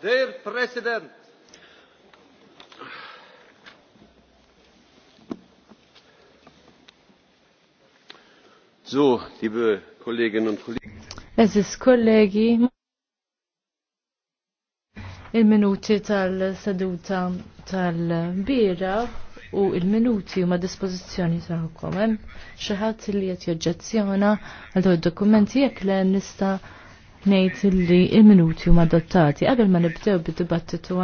Dear President, So, liebe Kolleginnen und Kollegen. Es ist Kollegi. Il-minuti tal-seduta tal-bira u il-minuti huma dispożizzjoni tagħkom. Hemm xi ħadd li jett joġġezzjona għal id-dokumenti jekk le nista' ngħid li il-minuti huma adottati Għabel ma nibdew bid-dibattitu